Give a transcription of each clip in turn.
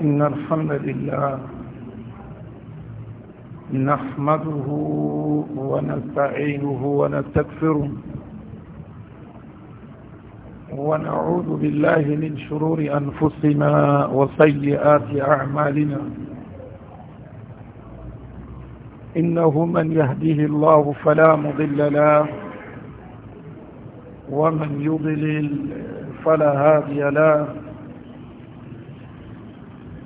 إن الحمد لله نحمده ونستعينه ونستكفره ونعوذ بالله من شرور أنفسنا وسيئات أعمالنا إنه من يهديه الله فلا مضل له ومن يضلل فلا هادي له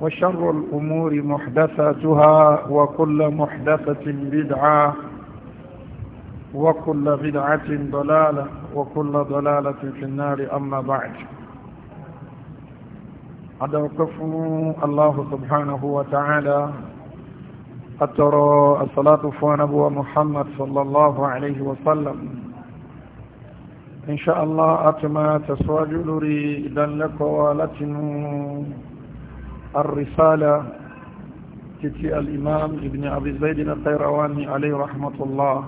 وشر الأمور محدثاتها وكل محدثة بدعة وكل بدعة ضلالة وكل ضلالة في النار أما بعد أدوقف الله سبحانه وتعالى أترى الصلاة فوانبو محمد صلى الله عليه وسلم إن شاء الله أتما تسواجل لي إذن لك ولتنو الرسالة تتي الإمام ابن أبي زيد الطيرواني عليه رحمة الله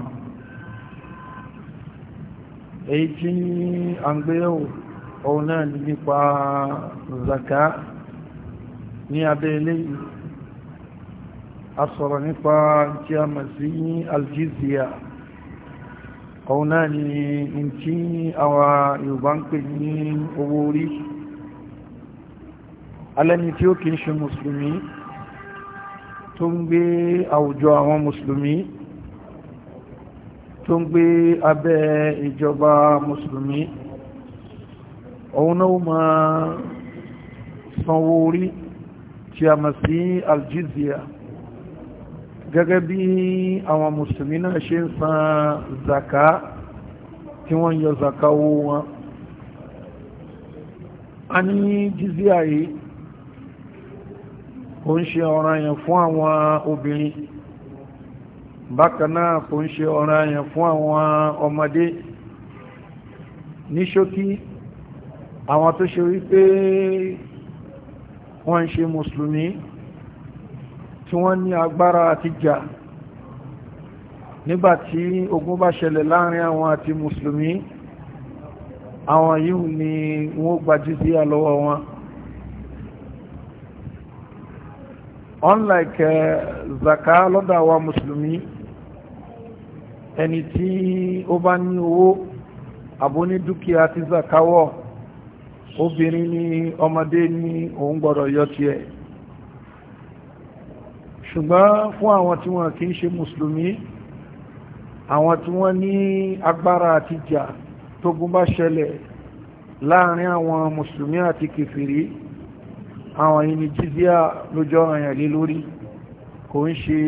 èyí àgbéyẹ̀wò òun náà nípa zaka ní abẹ́ ilé a sọ̀rọ̀ nípa tí a mọ̀ sí aljizia òun náà ni tí àwa Yorùbá ń pè ní owó orí alẹ́ni tí ó kìí ṣe mùsùlùmí tó ń gbé àwùjọ àwọn mùsùlùmí tó ń gbé abẹ́ ìjọba mùsùlùmí òun náà ma sanwó orí tí a mọ̀ sí aljizia gẹ́gẹ́ bí àwọn mùsùlùmí náà ṣe ń san zaka tí wọ́n yọ zaka owó wọn a ní jizia yìí kò ń ṣe ọ̀ranyàn fún àwọn obìnrin bákan náà kò ń ṣe ọ̀ranyàn fún àwọn ọmọdé ní ṣókí àwọn tó ṣe wípé wọ́n ń ṣe mùsùlùmí tí wọ́n ní agbára àti jà nígbàtí ogun bá ṣẹlẹ̀ láàrin àwọn àti mùsùlùmí àwọn yíò ni wọ́n gbajú sí àlọ́wọ́ wọn. Wa unlike uh, zaka lọ́dọ̀ àwa mùsùlùmí ẹni tí ó bá ní owó àbó ní dúkìá ti zaka wọ̀ obìnrin ni ọmọdé ni òun gbọ́dọ̀ yọ tiẹ̀ ṣùgbọ́n fún àwọn tí wọ́n kì í ṣe mùsùlùmí àwọn tí wọ́n ní agbára àti jà tógun bá ṣẹlẹ̀ láàrin àwọn mùsùlùmí àti kèfèrí àwọn yìí ni jizya lójú ọ̀ràn yàn lé lórí kò ń ṣe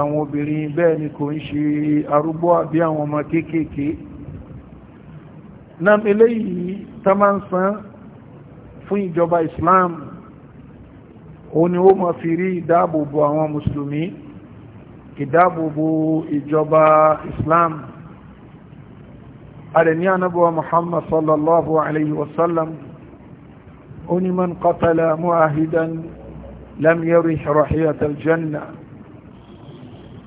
àwọn obìnrin bẹ́ẹ̀ ni kò ń ṣe arúgbó àbí àwọn ọmọ kéékèèké náà eléyìí tá máa ń san fún ìjọba Islam ó ní ó máa fi rí ìdáàbòbò àwọn mùsùlùmí ìdáàbòbò ìjọba Islam adẹ̀ ní anábọ̀wà Muhammad sallallahu alayhi wasallam sallam أن من قتل معاهدا لم يرح رحية الجنة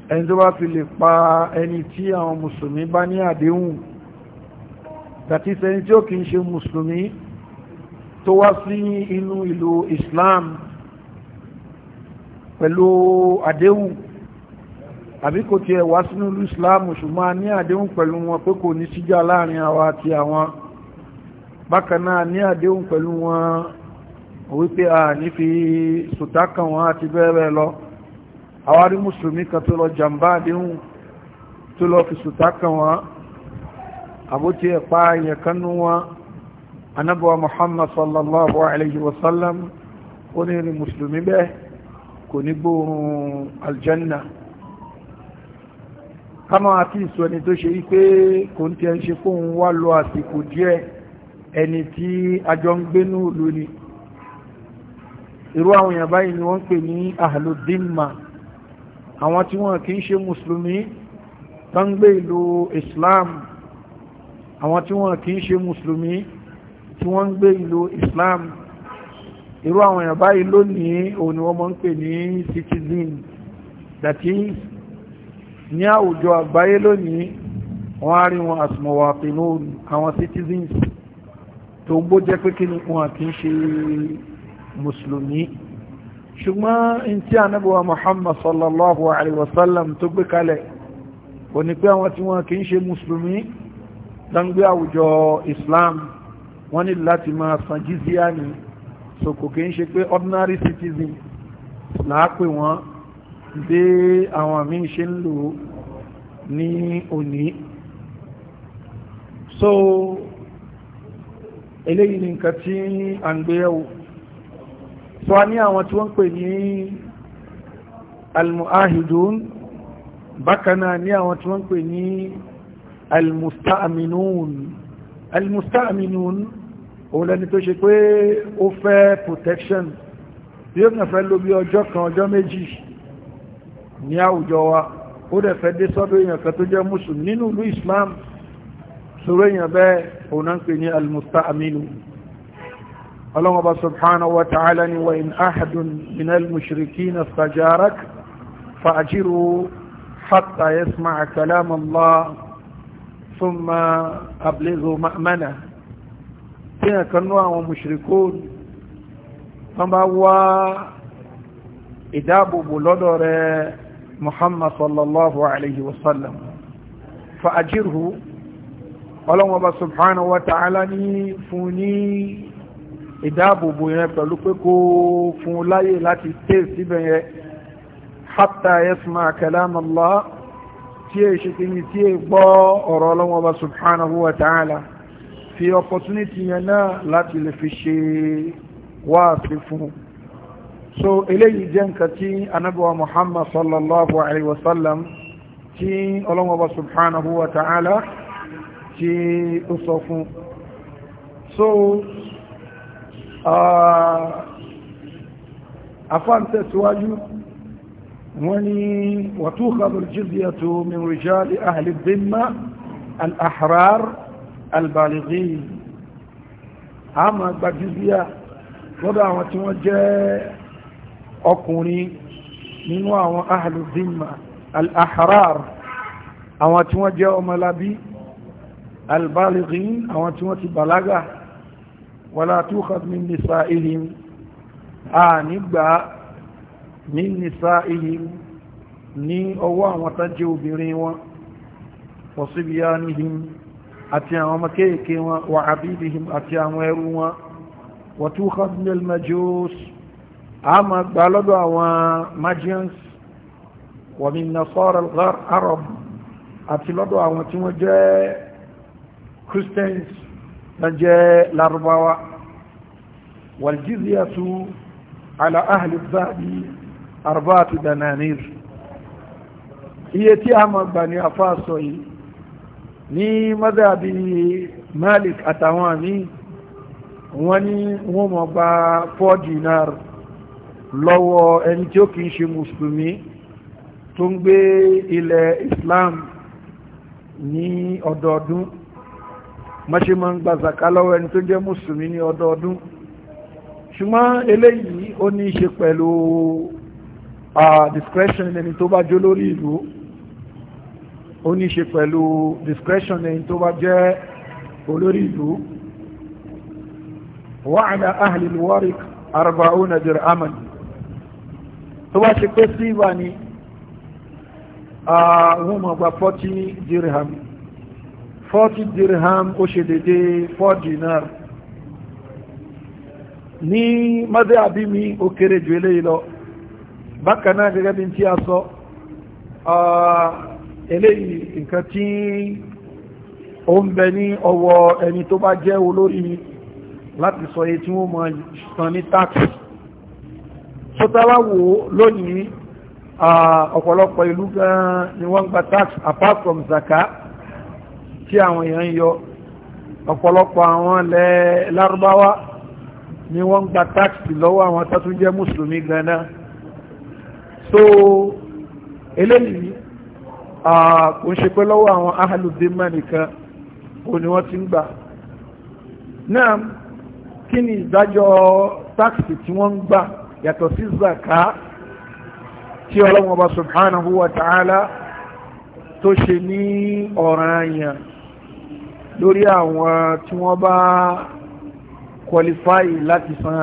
ẹni tó bá fi lè pa ẹni tí àwọn mùsùlùmí bá ní àdéhùn tàbí ẹni tí ó kì í ṣe mùsùlùmí tó wá sí inú ìlú pẹ̀lú àdéhùn àbí kò tiẹ̀ wá sínú ìlú Islam ṣùgbọ́n ní àdéhùn pẹ̀lú wọn pé kò ní síjà láàrin àwa àti àwọn bákan ní àdéhùn pẹ̀lú wọn wípé a ní fi sùtákan wọn àti bẹ́ẹ̀rẹ̀ lọ àwárí mùsùlùmí kan tó lọ jàmbá àdéhùn tó lọ fi sùtákan wọn àbótí ẹ̀pá ìyẹ̀kanú wọn anábọ̀wà muhammad sallallahu alayhi wa sallam ó ní rí mùsùlùmí bẹ́ẹ̀ kò ní gbóòrùn aljanna kánà àti ìsọ ẹni tó ṣe wípé kò ń tẹ́ ṣe kóhun wá lọ àsìkò díẹ̀ ẹni tí ajọ ń gbénú lónìí irú àwọn èèyàn báyìí ni wọ́n ń pè ní ahludimma àwọn tí wọ́n kì í ṣe mùsùlùmí tó ìlú islam àwọn tí wọ́n kì í ṣe mùsùlùmí tí wọ́n gbé ìlú islam irú àwọn èèyàn báyìí lónìí òun ni wọ́n mọ́ ń pè ní citizen that is ní àwùjọ àgbáyé lónìí wọ́n á rí wọn àsùnmọ̀wà pẹ̀lú àwọn citizens tó ń bó jẹ́ pé kí ni wọn àti ń ṣe mùsùlùmí ṣùgbọ́n in tí a nábọ̀wà muhammad sallallahu alaihi wasallam tó gbé kalẹ̀ kò ní pé àwọn tí wọ́n kì í ṣe mùsùlùmí dangbé àwùjọ islam wọ́n ní láti máa san jizya ni so kò kì í ṣe pé ordinary citizen láàpè wọ́n dé àwọn míì ṣe ń lò ní òní so eléyìí ni nǹkan tí à ń gbé yẹ̀wò so a ní àwọn tí wọ́n pè ní almuahidun bákaná ní àwọn tí wọ́n pè ní almustaaminun almustaaminun òun lẹni tó ṣe pé ó fẹ́ protection bí ó kàn fẹ́ ló bí ọjọ́ kan ọjọ́ méjì ní àwùjọ wa ó dẹ̀ fẹ́ dé sọ́dọ̀ èèyàn kan tó jẹ́ mùsùlùmí nínú ìlú islam sọ̀rọ̀ èèyàn bẹ́ẹ̀ òun náà pè ní almustaaminun ọlọ́run ọba subhanahu wa ta'ala ni wa in ahadun minal mushrikin istajarak fa ajiru hatta yasma'a kalam Allah thumma ablighu ma'mana tí a kan nú àwọn mushrikun wọ́n bá wá ìdáàbòbò lọ́dọ̀ rẹ̀ muhammad sallallahu alayhi wa sallam fa ajirhu ọlọ́run ọba subhanahu wa ta'ala ni fún ní ìdáàbòbò yẹn pẹ̀lú pé kó fún láyé láti tẹ́ síbẹ̀ yẹn hatta yasma kalam Allah tí è ṣe kí ní tí è gbọ́ ọ̀rọ̀ ọlọ́wọ́ bá subhanahu wa ta'ala fi opportunity yẹn náà láti lè fi ṣe wáàsí fún so eléyìí jẹ́ nǹkan tí anábíwa muhammad sallallahu alaihi wasallam tí ọlọ́wọ́ bá subhanahu wa ta'ala tí ó sọ fún so afáǹtẹ̀ síwájú wọ́n ni wàtúkàbù jízyàtò min rijali ahli dhimma al-ahrar al-balighin a ma gba jízyà lọ́dọ̀ àwọn tí wọ́n jẹ́ ọkùnrin nínú àwọn ahli dhimma al àwọn tí wọ́n jẹ́ ọmọlábí al àwọn tí wọ́n ti balaga wala tukhadh min nisa'ihim a nígbà min nisa'ihim ní ọwọ́ àwọn tánjẹ́ obìnrin wọn wa sibyanihim àti àwọn ọmọ kéèké wọn wa abidihim àti àwọn ẹrú wọn wa tukhadh min al-majus a ma gbà lọ́dọ̀ àwọn magians wa min nasara arab àti lọ́dọ̀ àwọn tí wọ́n jẹ́ christians tán جاء Lárúbáwá والجزية على أهل zahabi arba'atu دنانير. iye tí a máa gbà ní afá sọ yìí ní madhabi Malik àtàwọn àmì wọ́n ní wọ́n dinar lọ́wọ́ ẹni tí ó kìí ṣe mùsùlùmí tó ń gbé ilẹ̀ Islam ní ọdọọdún mọ́ṣe máa ń gba zaka lọ́wọ́ ẹni tó jẹ́ mùsùlùmí ní ọdọọdún ṣùgbọ́n eléyìí ó ní í ṣe pẹ̀lú discretion ẹni tó bá jó lórí ìlú ó ní ṣe pẹ̀lú discretion ẹni tó bá jẹ́ olórí ìlú wà ní ahli al-warik arba'una dirhaman tó bá ṣe pé síbà ni wọ́n máa gba 40 dirham 40 dirham ó ṣe dédé 4 dinar ní mọ́dé àbí mi ó kéré jù eléyìí lọ bákan gẹ́gẹ́ bí tí a sọ eléyìí nǹkan tí ó ń bẹ ní ọwọ́ ẹni tó bá jẹ́ olórí láti sọ èyí tí wọ́n mọ̀ san ní tax sọ́tàwáwò lónìí ọ̀pọ̀lọpọ̀ ìlú gan ni wọ́n gba tax apart from zakat tí àwọn èèyàn yọ ọ̀pọ̀lọpọ̀ àwọn ilẹ̀ lárúbáwá ni wọ́n ń gba táàkì lọ́wọ́ àwọn tó jẹ́ mùsùlùmí gan so eléyìí kò ń ṣe pé lọ́wọ́ àwọn ahàlùdímà nìkan kò ní wọ́n ti ń gbà náà kí ni ìdájọ́ táàkì tí wọ́n ń gbà yàtọ̀ sí zaka tí ọlọ́wọ́n ọba subhanahu wa ta'ala tó ṣe ní ọ̀ranyàn lórí àwọn tí wọ́n bá qualify láti san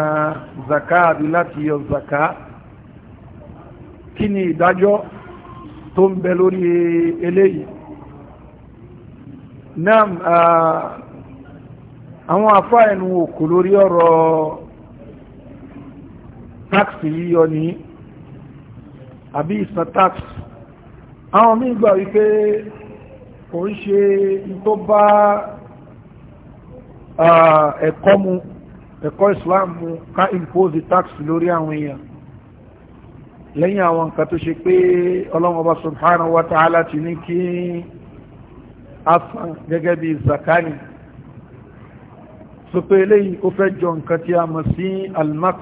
zaka àbí láti yọ zaka kí ni ìdájọ́ tó ń bẹ lórí eléyìí náà àwọn afá ẹnu òkú lórí ọ̀rọ̀ táksì yíyọ ní àbí ìsan táksì àwọn míì gbà wípé kò ń ṣe tó bá ẹ̀kọ́ mu ẹ̀kọ́ Islam mu ká impose tax lórí àwọn èèyàn lẹ́yìn àwọn nǹkan tó ṣe pé ọlọ́run subhanahu wa ta'ala ti ní kí a san gẹ́gẹ́ bí zakani sọ pé eléyìí ó fẹ́ jọ nǹkan tí a mọ̀ sí almax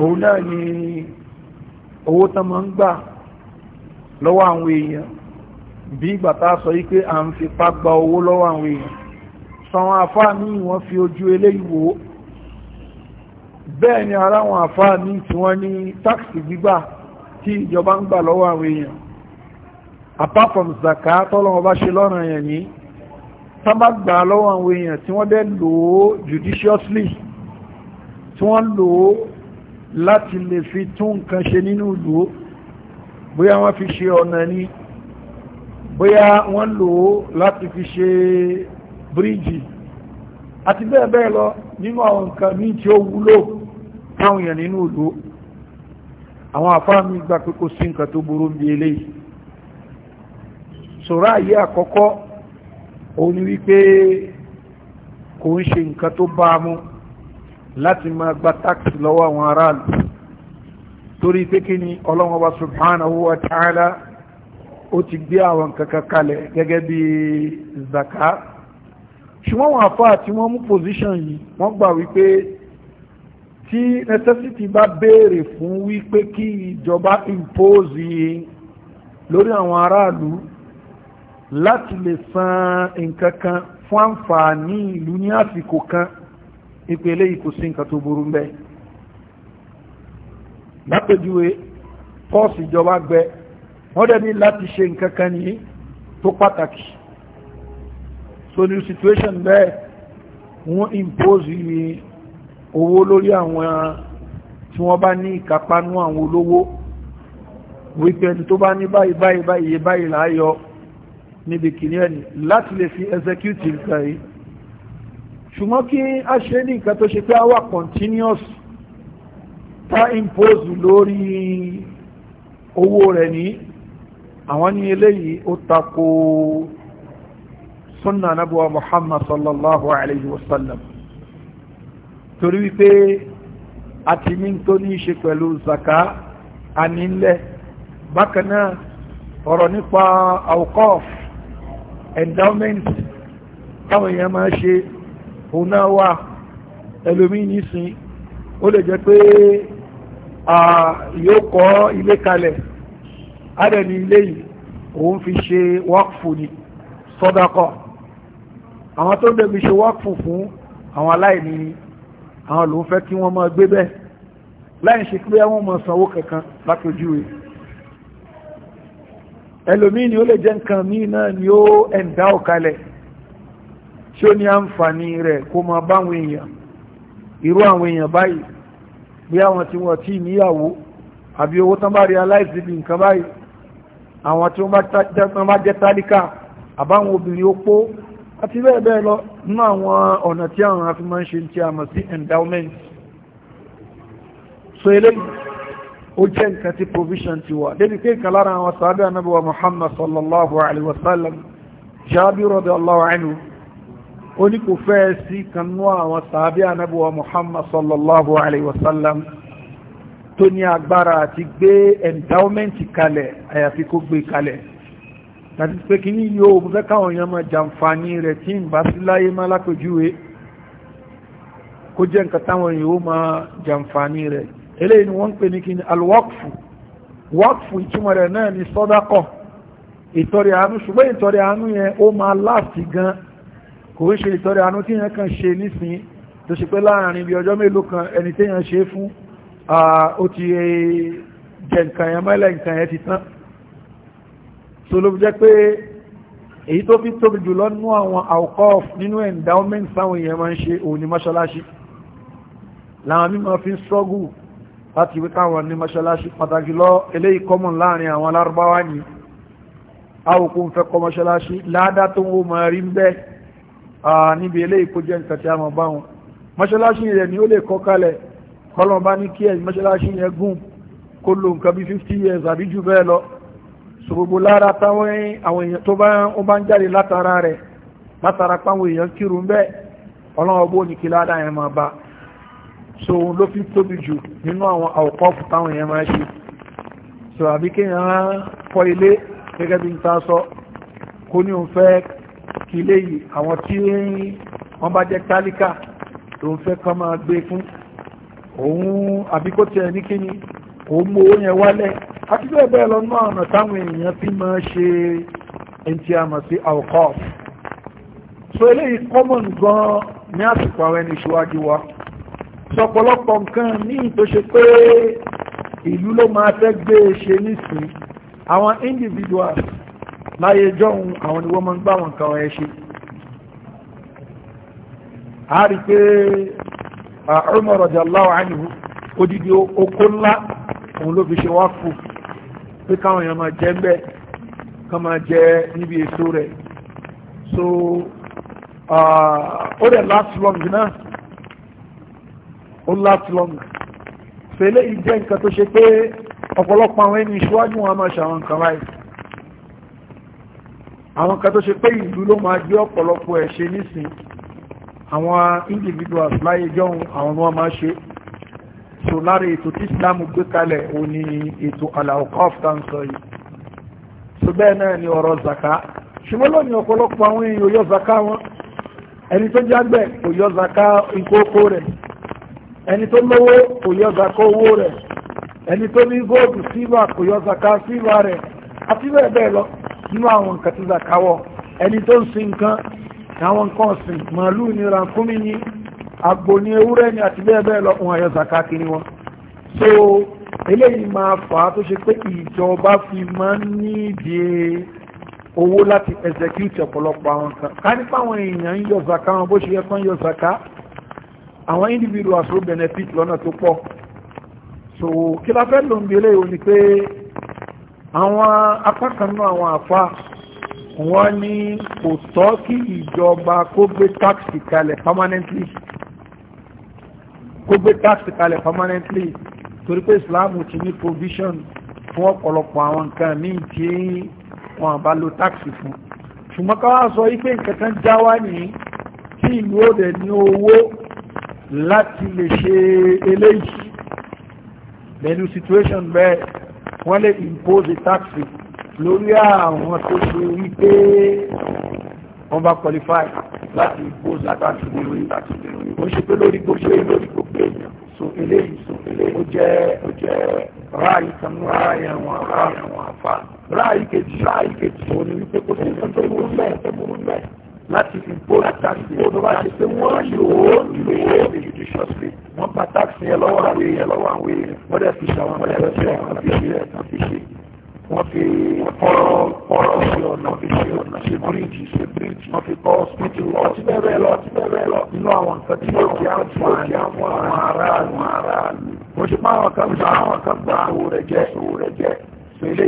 òun náà ni owó tán máa ń gbà lọ́wọ́ àwọn èèyàn bí ìgbà tá a sọ yí pé à ń fipá gba owó lọ́wọ́ àwọn èèyàn sàwọn àfáà ní wọ́n fi ojú eléyìí bẹ́ẹ̀ ni ara àwọn àfáà ní tí wọ́n ní táksì gbígbà tí ìjọba ń gbà lọ́wọ́ àwọn èèyàn apart from zaka tọ́lọ́wọ́ bá ṣe lọ́rùn yẹn ní sábà gbà lọ́wọ́ àwọn èèyàn tí wọ́n dẹ̀ lò judiciously tí wọ́n lò ó láti lè fi tún nǹkan ṣe nínú ìlú bóyá wọ́n fi ṣe ọ̀nà ní bóyá wọ́n lò ó láti fi ṣe bíríjì àti bẹ́ẹ̀ bẹ́ẹ̀ lọ nínú àwọn nǹkan míì tí ó wúlò táwọn èèyàn nínú ìlú àwọn àfáà mi gbà pé kò sí nǹkan tó burú bí eléyìí sọ̀rọ̀ àyè àkọ́kọ́ òun ni wípé kò ń ṣe nǹkan tó bá mú láti máa gba táàkì lọ́wọ́ àwọn aráàlú torí pé kí ni ọlọ́run subhanahu wa ta'ala ó ti gbé àwọn kankan gẹ́gẹ́ bí zaka ṣùgbọ́n wọn àfáà tí wọ́n mú position yìí wọ́n gbà wípé tí necessity bá béèrè fún wípé kí ìjọba impose lórí àwọn aráàlú láti lè san nǹkan kan fún àǹfààní ìlú ní àsìkò kan ìpele ìkòsí nǹkan tó burú bẹ́ẹ̀ lápèjúwe kọ́ọ̀sì ìjọba gbẹ wọ́n dẹ̀ ní láti ṣe nǹkan kan ní tó pàtàkì so ní situation bẹ́ẹ̀ wọ́n impose owó lórí àwọn tí wọ́n bá ní ìkápánú àwọn olówó wípẹ́ni tó bá ní báyìí báyìí báyìí báyìí láyọ níbi kìíní ẹni láti lè fi executive nǹkan yìí ṣùgbọ́n kí a ṣe ní nǹkan tó ṣe pé a wà continuous tá impose lórí owó rẹ̀ ní àwọn ní eléyìí ó tako sunna nabuwa muhammad sallallahu alaihi wasallam. sallam torí wípé a ti ní tó ní ṣe pẹ̀lú zaka a nílẹ̀ bákanáà ọ̀rọ̀ nípa awqaf endowment táwọn èèyàn máa ṣe òun wà ẹlòmí nísìn ó lè jẹ́ pé yóò kọ́ ilé kalẹ̀ adẹni ilé yìí òun fi ṣe wákùfù ni sọ́dákọ̀ àwọn tó dẹ̀bi ṣe wákùfù fún àwọn aláìní àwọn lòun fẹ́ kí wọ́n máa gbé bẹ́ẹ̀ láì ṣe pé wọ́n máa sanwó kankan lápòjúwe ẹlòmíì ni ó lè jẹ́ nǹkan míì náà ni ó ẹ̀ǹdá ọ̀kalẹ̀ tí ó ní àǹfààní rẹ̀ kó máa báwọn èèyàn irú àwọn èèyàn báyìí bí àwọn tí wọ́n tí níyàwó àbí owó tán bá realize bí nǹkan báyìí àwọn tí wọ́n bá jẹ́ tálíkà àbáwọn obìnrin opó àti bẹ́ẹ̀ bẹ́ẹ̀ lọ nínú àwọn ọ̀nà tí àwọn afi máa ń ṣe tí a mọ̀ sí endowment so eléyìí ó jẹ́ nǹkan tí provision ti wà débi pé nǹkan lára àwọn sàábẹ́ anábíwá Muhammad sallallahu alaihi wasallam Jabir radiyallahu anhu ó ní kò fẹ́ sí kanú àwọn sàábí anábíwa muhammad sallallahu alaihi wasallam tó ní agbára àti gbé endowment kalẹ̀ àyàfi kó gbé kalẹ̀ tàbí pé kí ní yóò mú fẹ́ káwọn èèyàn máa jàǹfààní rẹ̀ tí ń bá sí láyé má lápèjúwe kó jẹ́ nǹkan táwọn èèyàn ó jàǹfààní rẹ̀ eléyìí ni wọ́n pè ní kí ni alwakfu wakfu ìtumọ̀ rẹ̀ náà ni sọ́dákọ̀ ìtọrẹ àánú ṣùgbọ́n ìtọrẹ àánú yẹn ó máa láti gan-an kò ń ṣe ìtọrẹ àánú tí yẹn kan ṣe nísìn tó ṣe pé láàrin bí ọjọ́ mélòó kan ẹni tí yẹn ṣe fún ó ti e, jẹ nǹkan yẹn mẹ́lẹ̀ nǹkan yẹn ti tán so ló jẹ́ pé èyí tó fi tóbi jùlọ nú àwọn awqaf nínú endowment sáwọn èèyàn máa ń ṣe òun ní mọ́ṣáláṣí làwọn mímọ̀ fi ń struggle láti wí káwọn ní mọ́ṣáláṣí pàtàkì lọ eléyìí common láàrin àwọn alárúbáwá ni àwòkún fẹ́ kọ́ mọ́ṣáláṣí ládá tó ń wo máa rí bẹ́ẹ̀ níbi ilé ìkójẹ́ nǹkan tí a mọ̀ bá wọn mọ́ṣáláṣí rẹ̀ ni ó lè kọ́ kalẹ̀ kọlọ̀n bá ní kí ẹ̀ mọ́ṣáláṣí yẹn gùn kó lo nǹkan bí 50 years àbí jù bẹ́ẹ̀ lọ so gbogbo lára táwọn èèyàn tó bá ń jáde látara rẹ̀ látara páwọn èèyàn kírun bẹ́ẹ̀ ọlọ́run ọgbó ní kí kó ní òun fẹ́ kí léyìí àwọn tí wọ́n bá jẹ́ tálíkà tó ń fẹ́ kọ́ máa gbé fún òun àbíkó tiẹ̀ ní kíni òun mú owó yẹn wálẹ̀ àti bẹ́ẹ̀ bẹ́ẹ̀ lọ náà ọ̀nà táwọn èèyàn fi máa ṣe ẹntì àmọ̀ sí alcohol so eléyìí common gan ní àsìkò àwọn ẹni ìṣíwájú wa sọpọlọpọ nǹkan míì tó ṣe pé ìlú ló máa fẹ́ gbé e ṣe nísìn àwọn individuals láyé jọun àwọn ni mọ́ ń gbá wọn kan ẹ a rí pé Umar radiyallahu anhu odidi oko ńlá òun ló fi ṣe wá kù pé káwọn èèyàn máa jẹ ń je máa jẹ níbi èso rẹ̀ so ó dẹ̀ last long náà ó last long fèlè ìjẹ́ nǹkan tó ṣe pé ọ̀pọ̀lọpọ̀ àwọn ẹni ìṣíwájú wọn a máa ṣàwọn nǹkan báyìí àwọn kan tó ṣe pé ìlú ló máa gbé ọ̀pọ̀lọpọ̀ ẹ̀ ṣe nísìn àwọn individuals láyé jọun àwọn wọn máa ṣe so lára ètò tí Islam gbé kalẹ̀ ò ní ètò alaukov tá ni ọ̀rọ̀ zaka ṣùgbọ́n lónìí ọ̀pọ̀lọpọ̀ àwọn èèyàn ò yọ zaka wọn ẹni tó jágbẹ̀ kò yọ zaka ìkókó rẹ̀ ẹni tó lówó kò bẹ́ẹ̀ bẹ́ẹ̀ lọ nínú àwọn nǹkan tí zakawọ ẹni tó ń sin nǹkan àwọn nǹkan ọ̀sìn màálù ní rankúmí ní agbo ní ewúrẹ́ ní àti bẹ́ẹ̀ lọ wọn ayọ̀ kiri wọn so eléyìí máa fà á tó ṣe pé ìjọba fi máa ń ní ìdí owó láti execute ọ̀pọ̀lọpọ̀ àwọn kan ká nípa àwọn èèyàn ń yọ zaka wọn bó ṣe yẹ kán yọ zaka àwọn individuals ló benefit lọ́nà tó pọ̀ so kí la fẹ́ ló ń bi eléyìí ni pé àwọn apákanú àwọn àfá wọ́n ní kò tọ́ kí ìjọba kó gbé táksì kalẹ̀ permanently kó gbé táksì kalẹ̀ permanently torí pé islam ti ní provision fún ọ̀pọ̀lọpọ̀ àwọn nǹkan ní tí wọ́n bá lo táksì fún ṣùgbọ́n ká wá sọ wípé nǹkan kan já wá nìyí tí ìlú òde ní owó láti lè ṣe eléyìí lẹ́nu situation bẹ́ẹ̀ wọ́n lè impose taxi lórí àwọn tó ṣe wípé wọ́n bá qualify láti impose taxi lórí taxi lórí ó ṣe pé lórí gbogbo èyí lórí gbogbo èèyàn so eléyìí so eléyìí ó jẹ́ ó jẹ́ ráàyè kan ní ráàyè àwọn àfáà ráàyè kejì ráàyè kejì òun ni wípé kò sí ìtọ́jú ìwúrú mẹ́ẹ̀ẹ́ láti fi gbó táàkì tó bá ṣe pé wọ́n lò ó lò ó judiciously wọ́n bá táàkì yẹn lọ́wọ́ àwọn èèyàn lọ́wọ́ àwọn èèyàn wọ́n dẹ̀ fi ṣàwọn ọmọ ẹ̀rọ tí àwọn fi ṣe ẹ̀kan fi ṣe wọ́n fi kọ́rọ̀ kọ́rọ̀ sí ọ̀nà fi ṣe ọ̀nà ṣe bíríìjì ṣe bíríìjì wọ́n fi kọ́ hospital lọ sí bẹ́ẹ̀ lọ sí bẹ́ẹ̀ lọ nínú àwọn nǹkan tí ó kí àwọn tí ó kí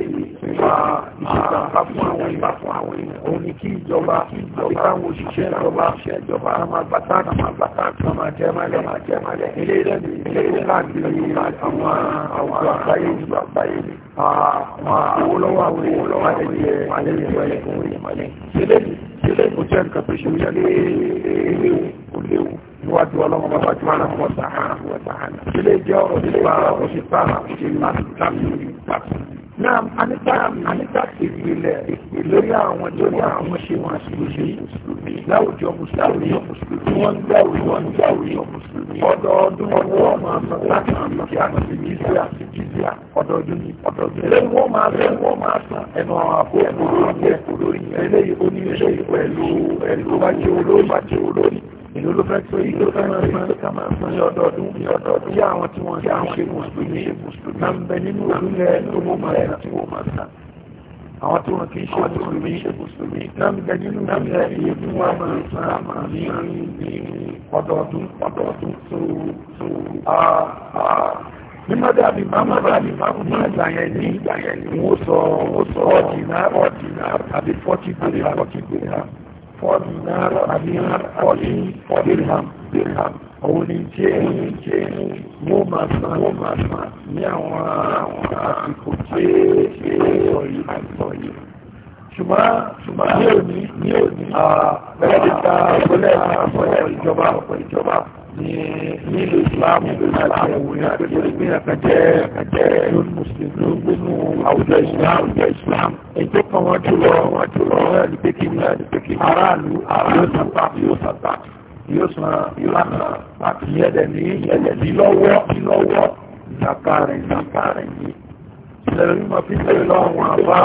ìṣèjọba fún àwọn èèyàn fún àwọn èèyàn òun ni kí ìjọba àti káwọn òṣìṣẹ́ ìjọba ìṣèjọba àmà bàtà àmà bàtà àmà jẹmọlẹ àmà jẹmọlẹ ilé ìrẹni ilé ìrẹni àwọn àwọn àgbáyé ìlú àgbáyé àwọn olówó àwọn èèyàn lọ́wọ́ ẹ̀jẹ̀ àlẹ́ ìrẹ̀lẹ̀ fún ìrẹ̀lẹ̀ sílẹ̀ sílẹ̀ kò jẹ́ nǹkan tó ṣe wíyálé eléwu kò léwu níwájú ọlọ́run bá wájú aláwọ̀ wọ́n sàhánà wọ́n sàhánà sílẹ̀ náà anígbà anígbà ti ìpìlẹ̀ lórí àwọn lórí àwọn ṣe wọn mùsùlùmí láwùjọ mùsùlùmí tí wọ́n ń gbàwé wọ́n ń gbàwé mùsùlùmí ọdọọdún ọwọ́ máa sọ láti àmì kí àmì sí jíjìá sí jíjìá ọdọọdún ni ọdọọdún lẹ́nu wọ́n máa lẹ́nu wọ́n máa san ẹnu àwọn àpò ẹ̀kọ́ lórí ẹ̀kọ́ lórí eléyìí ó ní eléyìí pẹ̀lú ẹ̀lú bá jẹ́ olórí bá jẹ́ olórí ìlú ló fẹ́ tó ìlú kama ní ọdọọdún bí àwọn tí wọ́n ṣe mùsùlùmí na ń bẹ nínú ìlúlẹ̀ tó mọ́ máa ṣe tí wọ́n máa sá àwọn tí wọ́n kì í ṣe mùsùlùmí na ń bẹ nínú ìlúlẹ̀ iye tí wọ́n máa sá máa ní ọdọọdún ọdọọdún tó ní mọ́dá bí máma bá ní máma ní ìgbàyẹn ní ìgbàyẹn ní wọ́n sọ ọdínà ọdínà àbí fọ́tí gbèrè àbọ̀tí gbèrè àbọ̀ for dinar adinar kọ́lí for dirham dirham òun ni tí èyí tí èyí mú máa san mú máa san ní àwọn àwọn àsìkò tí èyí ọ̀yí àìsàn yìí ṣùgbọ́n ṣùgbọ́n ní òní ní òní àpẹẹrẹ ta ìjọba ọ̀pọ̀ ìjọba nílùú islam láti ẹ̀wọ̀n ní àgbẹ̀gbẹ̀ àkàjẹ́ lórí muslim ló gbénú àwùjọ islam àwùjọ islam ẹjọ́ kan wọ́n jùlọ wọ́n jùlọ ẹ̀lẹ́gbẹ̀kìmí ẹ̀lẹ́gbẹ̀kìmí aráàlú aráàlú sàpá yóò sàpá yóò san ìlànà àti ẹ̀dẹ̀mí ẹ̀dẹ̀mí lọ́wọ́ lọ́wọ́ ìjàpá rẹ̀ ìjàpá rẹ̀ yìí ìṣẹ̀lẹ̀ mímọ̀ fífẹ́ lọ́wọ́ àwọn àbá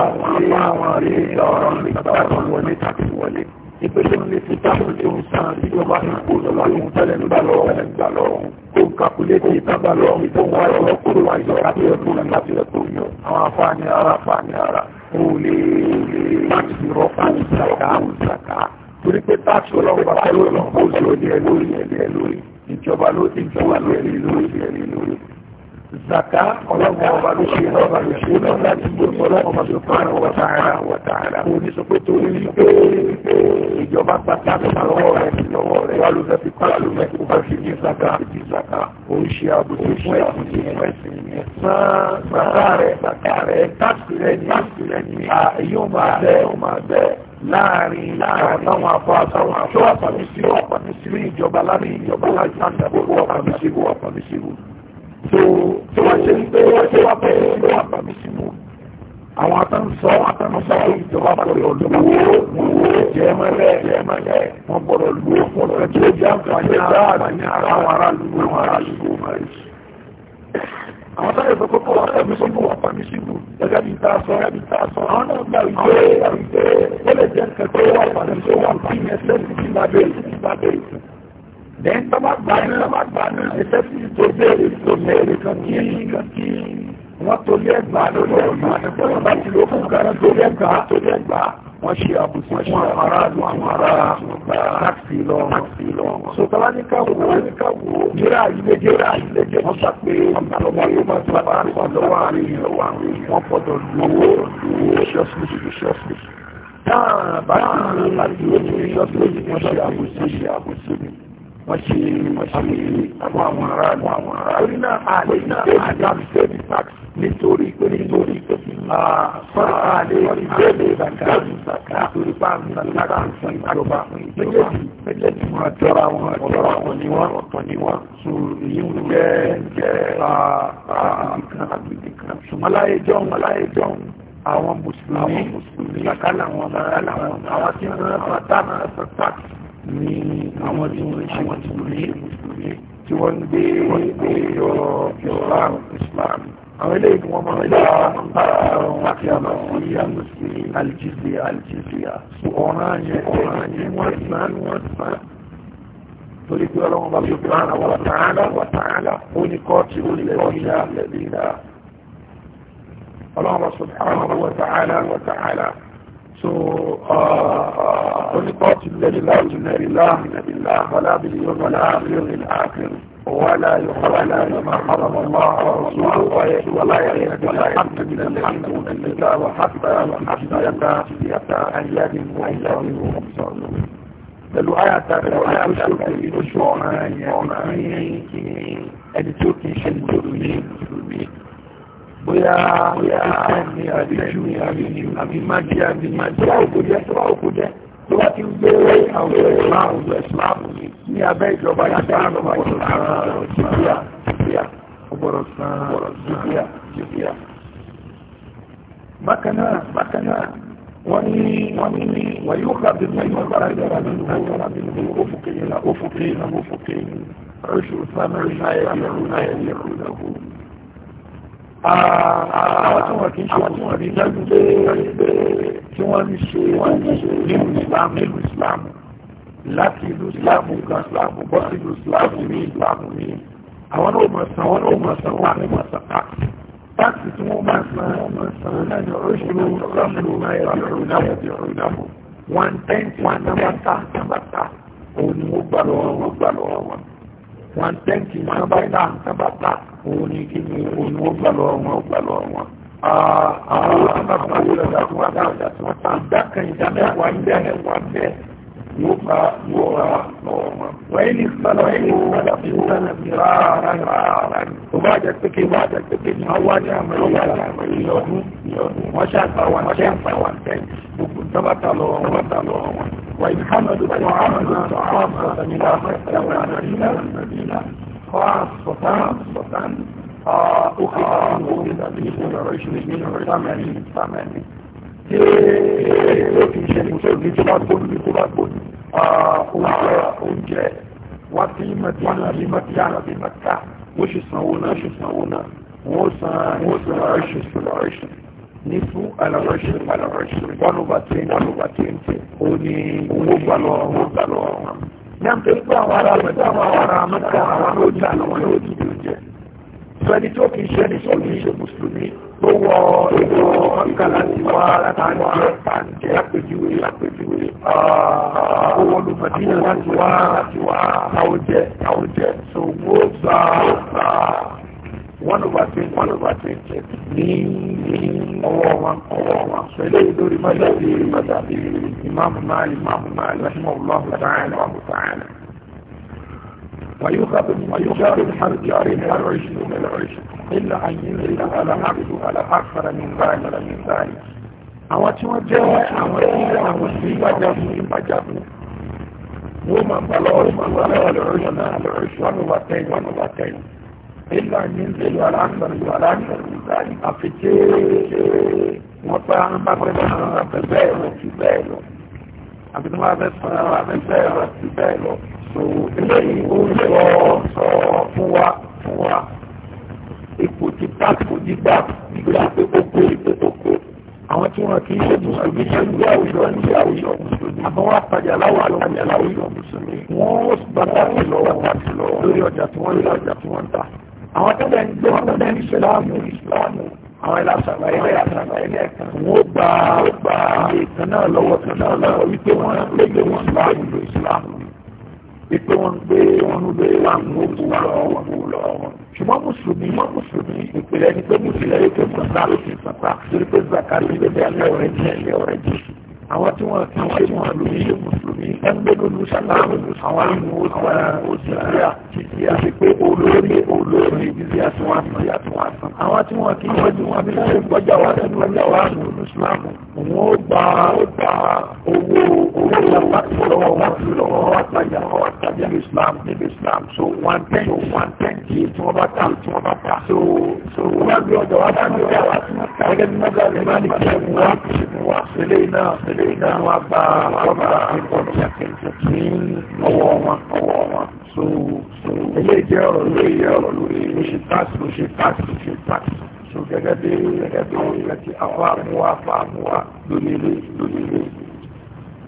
àwọn àrí ọ̀rọ̀ ìgbà ìpele ní títàmù léwu san ìjọba ní kó lọ́wọ́ lóhun tẹ́lẹ̀ ń bá lọ́wọ́ ń gbà lọ́wọ́ kó ń kakuléètì ìtàbà lọ́wọ́ ìtò wá lọ́wọ́ kóró wá yọ láti ẹ̀kú náà láti ẹ̀kú yọ àwọn afáàní ara afáàní ara ó lè lè láti fi rọ́pà ní sàkà àwọn sàkà torí pé táàkì ọlọ́run bá tẹ́lẹ̀ lọ́wọ́ kó lórí ẹ̀ lórí ẹ̀ lórí ìjọba ló ti jọba zaka ọlọ́run ọba ló ṣe ọba ló ṣe lọ láti gbogbo ọlọ́run ọba tó fara wọ tààrà wọ tààrà ó ní sọpé tó rí pé ìjọba pátá tó máa lọ́wọ́ rẹ̀ sí lọ́wọ́ rẹ̀ wà ló fẹ́ fi pàrọ̀ ló mẹ́kò bá fi ní zaka ti zaka ó ń ṣe àbùkù fún ẹ̀sìn ní ẹ̀sìn ní ẹ̀sán zaka rẹ̀ zaka rẹ̀ táàkì rẹ̀ ní táàkì rẹ̀ ní yóò máa bẹ́ ó máa bẹ́ láàrin láàrin àwọn afọ àtàwọn àṣọ àpàmìsírò àpàmìsírò ìjọba láàrin ìjọba láti àtàkùn àpàmìsírò àpàmìsírò tó wọ́n ṣe wípé wọ́n ṣe wá bẹ́ẹ̀ ló wà bàmí sínú àwọn atánsọ atánsọ ìjọba gbọ́dọ̀ lówó jẹmẹlẹ jẹmẹlẹ wọn gbọ́dọ̀ lówó gbọ́dọ̀ tí ó jẹ àǹfààní ara àǹfààní ara àwọn ará lówó àwọn ará lówó máa ṣe. àwọn sáré sọ pé kó wà bàmí sínú wà bàmí sínú gẹ́gẹ́ bí tá a sọ gẹ́gẹ́ bí tá a sọ àwọn náà gbà wípé àwùjẹ ó lè jẹ kẹkẹ wà bàmí sínú wà bàmí sínú ẹsẹ Then tọ́ba gbà ní tọ́ba gbà ní iṣẹ́ tí tó béèrè tó béèrè kankí kankí wọ́n tó lé ẹgbà lórí ẹgbà nígbà bá ti ló fún gara tó lé ẹgbà tó lé ẹgbà wọ́n ṣe àbùsí fún àwọn ará àlù àwọn ará táàkì lọ táàkì lọ. so tọ́ba ní ká wò ó ní ká wò ó jẹ́rẹ́ àyíléjẹ́ rẹ́ àyíléjẹ́ wọ́n sá pé ọmọ yóò máa tún bá rí wọn lọ́wọ́ àárín ìlọ́wọ́ àárín wọn fọ́dọ̀ lówó lówó ṣọ́ọ̀ṣì ṣọ́ọ̀ṣì táà bá ti lè ṣọ́ọ̀ṣì wọ́n ṣe àbùsí ṣe àbùsí mi wọ́n ṣe wọ́n ṣe àwọn àwọn ará àwọn àwọn ará orí náà àlè náà àdáàbí sẹ́ẹ̀dì tax nítorí pé nítorí pé fi máa fún àlè ìjẹ́lẹ̀ ìdàkàdù nítorí pa àmì ìdàkàdù fún ìjọba fún ìjọba méjèèjì wọn àtọ́ra wọn àtọ́ra wọn ni wọn ọ̀tọ̀ ni wọn sùn yíwù jẹ́ jẹ́ àbìkan àbìkan ṣùgbọ́n láyé jọ́un láyé jọ́un àwọn mùsùlùmí àwọn mùsùlùmí kàkálà wọn àwọn tí wọn tàbí ní àwọn tí wọ́n ṣe wọ́n ti rí tí wọ́n ń gbé wọ́n gbé yọ Islam Islam àwọn ilé ìgbìmọ̀ wọn máa ń dá àwọn láti àmà sí àmà sí algeria algeria so ọ̀ràn yẹn ọ̀ràn yẹn wọ́n sàn wọ́n sàn torí pé ọlọ́run bá fi máa wà tààlà wà tààlà ó ní kọ́ọ̀tì ó lè ọjà lẹ́bí náà ọlọ́run bá sọ tààlà wà tààlà wà tààlà So, قل قاتل لله إن لله إن بالله ولا باليوم الآخر ولا يحرم ما حرم الله ورسوله ولا يرد ولا يرد من الحمد إلا وحتى وحتى يتا يتا أن يدم وإن يدم pẹ̀lú àyàtà pẹ̀lú àyàtà pẹ̀lú ìṣòro ọ̀nà ẹni tí ó kìí ṣe ìjọba ní ìlú bóyá ìfẹ́ni àbíjú àbí májí àbí májí àwòkójẹ́ tó àwòkójẹ́ tó wá ti ń gbé àwọn ìsìláàmù ìsìláàmù ní abẹ́ ìjọba ìsìláàmù ọgbọ̀rọ̀ jìbíà bákanáà wọ́n ní wọ́n ní wọ́n yóò kàbí mẹ́yìn ọgbàrá ìjọba nínú ọgbàrá àwọn tí wọ́n kí ń ṣe tí wọ́n rí lẹ́nu pé tí wọ́n ní ṣe nínú islam nínú islam láti ìlú islam gan islam bọ́ sí ìlú islam ní islam ní àwọn náà mọ̀ san wọn ní wọ́n gbà lọ́wọ́ wọn gbà lọ́wọ́ wọn wọn tẹ́ǹtì máa bá iná nǹkan bá ta òun ni kí ni òun ni wọ́n gbà lọ́wọ́ wọn ó gbà lọ́wọ́ wọn. àwọn olùkọ́ máa ń bá wọn lọ́wọ́ ìdá kan ìdá mẹ́wàá ń bẹ́ẹ̀ يقرأ في وإن اختلفوا فرارا وبعد التكي بعد التكي هو جامل يوم وشافا وشافا وانتين تبطلوا تبطلوا وإن حمدوا وعملوا خاصة من أخذ المدينة المدينة خاصة أخذ عنه من العشرين ثمانين ثمانين tí ó fi ṣe ìṣòro ìjọba tó ní tó bá gbòdì oúnjẹ oúnjẹ wá sí mẹtíánà bí mẹtíánà bí mẹtíá ó ṣe sanwó náà ṣe sanwó náà wọ́n san wọ́n san rẹ́ṣin sí rẹ́ṣin ní fún alárẹ́ṣin alárẹ́ṣin one over ten one over twenty ó ní owó gbà lọ́wọ́ owó gbà lọ́wọ́ wọn. ní àmì tó ń gbọ́ àwọn ará mẹ́ta àwọn ará mẹ́ta àwọn ló jà lọ́wọ́ ló ti dùn jẹ́ sọ́ni tó kìí ṣe ní sọ́ni ṣe mùsùlùmí tó wọ ètò ọ̀kà láti wá látàrí ọ̀pá àpèjúwe àpèjúwe àwọn olùmọ̀dínà láti wá láti wá àwọn jẹ àwọn jẹ so wó gbà gbà wọ́n ló bá ti wọ́n ló bá ti jẹ ní ọwọ́ wọn ọwọ́ wọn pẹ̀lú lórí mọ́tàbí mọ́tàbí ìmáàmù náà ìmáàmù náà lọ́sùmọ̀ ọlọ́hùn tààlà ọ̀hún tààlà. ويؤخذ ويؤخذ الحرب عليه العشر من العشر إلا أن ينزل على عبد على أكثر من ذلك من ذلك àwọn tí wọ́n jẹ́ àwọn ẹ̀yìn àwọn sí ìbájáfún ìbájáfún wọ́n máa bá lọ́wọ́ máa bá lọ́wọ́ lọ́rọ̀ yọ̀nà lọ́rọ̀ ìṣúwánú wa tẹ́yìn wọn wa tẹ́yìn ilà ní ń tẹ̀lé aláǹsọ̀rọ̀ ìlú aláǹsọ̀rọ̀ ìdáyì àfi tí wọ́n pa bá fẹ́ sọ̀rọ̀ àfẹ́ bẹ́ẹ̀ lọ sí bẹ́ẹ̀ lọ àfi tí wọ́n fẹ́ sọ̀rọ̀ àfẹ́ bẹ́ẹ̀ lọ sí bẹ́ẹ̀ lọ so eléyìí ó ń sọ sọ fún wa fún wa ipò ti pàtó nígbà nígbà pé ó kó ìpè tó kó àwọn tí wọ́n kì í ṣe mùsùlùmí ṣe ń gbé àwùjọ ní àwùjọ mùsùlùmí àmọ́ wọ́n apàjà láwùjọ àwùjọ mùsùlùmí wọ́n bá tàbí lọ́wọ́ tàbí lọ́wọ́ lórí ọjà tí wọ́n lórí ọjà tí wọ́n ń ta àwọn tẹ́lẹ̀ ń gbé wọn tẹ́lẹ̀ ń ṣe láàmú ìsìláàmù àwọn ìlàsàlà ilé àtàlà ilé ẹ̀kan wọ́n gba gba ìtàn náà lọ́wọ́ tàn náà lọ́wọ́ wípé wọ́n ṣùgbọ́n mùsùlùmí mùsùlùmí ìpìlẹ̀ ni pé mùsùlùmí yóò pé mùsùlùmí ló fi sàpá torí pé zakari ló bẹ alẹ́ ọ̀rẹ́ jẹ́ ẹ̀lẹ́ ọ̀rẹ́ jù àwọn tí wọ́n ti ṣe wọn lórí mùsùlùmí ẹgbẹ́ lólu ṣàlàyé àwọn ìlú òṣìṣẹ́ títí a ṣe pé olórí olórí ìdílé àti wọn àti ìyá tí wọn sàn. àwọn tí wọn kì í wọ́n ju wọn bí wọ́n gbọ́jà wá sẹ́nu ọjà wá ní olùsùlámù. òun ó gba ó owó owó láti lọ́wọ́ wọn ti lọ́wọ́ wọn wọn wá ní islam níbi islam so one ten so one ten kì í tí wọ́n bá ta tí wọ́n bá ta. so so wọ́n gbé ọjà wá sẹ́nu ọjà wá sí wọn. gẹ́gẹ́ bí mọ́tò àgbẹ̀ máa ní kí ẹ̀ mú wa ṣẹlẹ̀ iná ṣẹlẹ̀ iná wọn gba ọgbà ìkọ̀ọ̀nù kí ọwọ́ wọn ọwọ́ wọn so so ilé jẹ́ ọ̀rọ̀ lórí ọ̀rọ̀ lórí ló ṣe táàsì ló ṣe táàsì ló ṣe táàsì so gẹ́gẹ́ bí gẹ́gẹ́ bí wọ́n yẹ kí àwọn amúwa fa amúwa lórí ilé lórí ilé